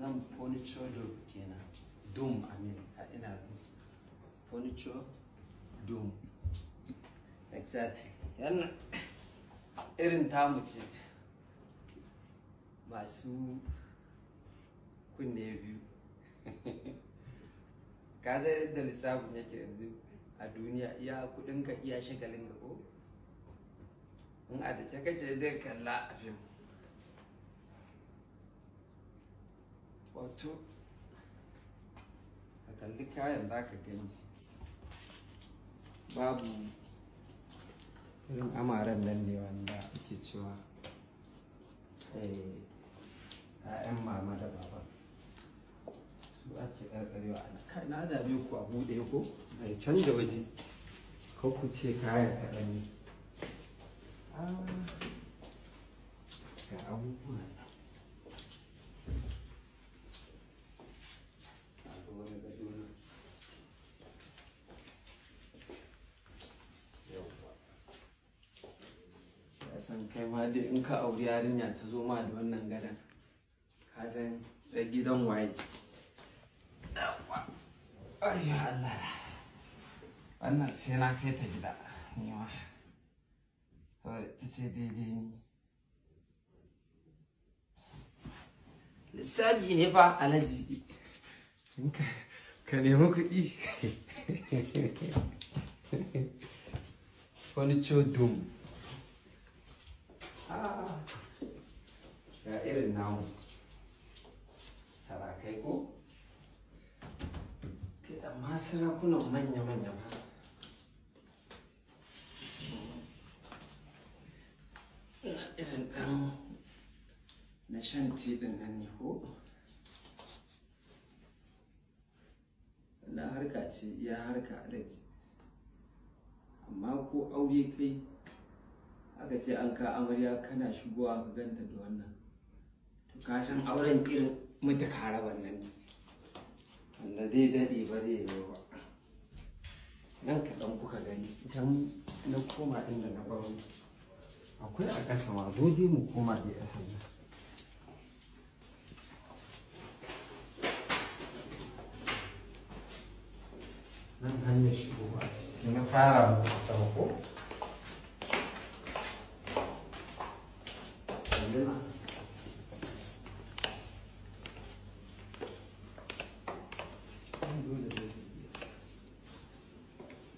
nan furniture dome kenan dome a ina furniture dome exactly wannan irin tamu ce masu kunne biyu ka zai yadda lissafin yake yanzu a duniya iya kudin ka iya shagalin ga ko in a da kake zai kalla a fim wato a kalli kayan za ka gani babu irin amaren nan ne wanda ake cewa ‘ya'yan mama da baba su ake ƙarƙarewa kai na dame ku a buɗe ko mai canza waje ko ku ce kayan kaɗan a ga abubuwa san kai ma dai in ka auri yarinya ta zo ma da wannan gadon ka san da gidan waye ayya Allah wannan sai na kai ta gida ni ma ta ce daidai ni lissafi ne fa alaji ka nemi kuɗi wani ciwo irin namu sarakai ko amma sarakunan manya-manya ba na irin ɗan na shan tiɗin nan ne ko na harka ce ya harka alaji amma ko auye kai aka ce an ka amarya kana shigowa ka ganta da wannan kasan auren irin mutu haraban nan ne wanda zai daɗe ba zai yi ba nan kaɗan kuka gani idan na koma inda na baro akwai a ƙasa ma dole mu koma da ƙasa sanya nan hanyar shigo ba na fara mu sama ko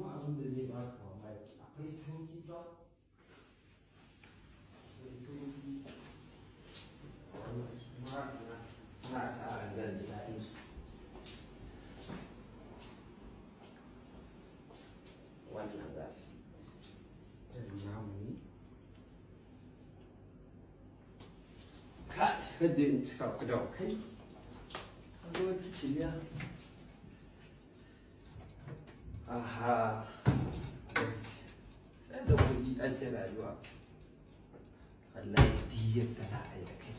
ว่าอันเป็นเรื่องของอะไรไม่ซึ่งคิดว่าไม่ซึ่งมากนะมากสะอาดเลยใช่ wannan za su ka fadin cika kudan kai a zo ta aha sai da kuɗi ake rayuwa wallahi diyar da na a da kai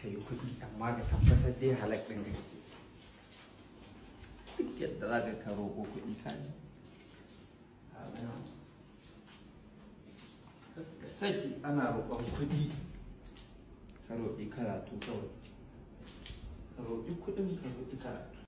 ka yi kuɗi amma ka tabbatar dai halak ɗin da kake ci duk yadda za ka ka roƙo kuɗi ka ji ka saki ana roƙon kuɗi ka roƙi karatu kawai ka roƙi kuɗin ka roƙi karatu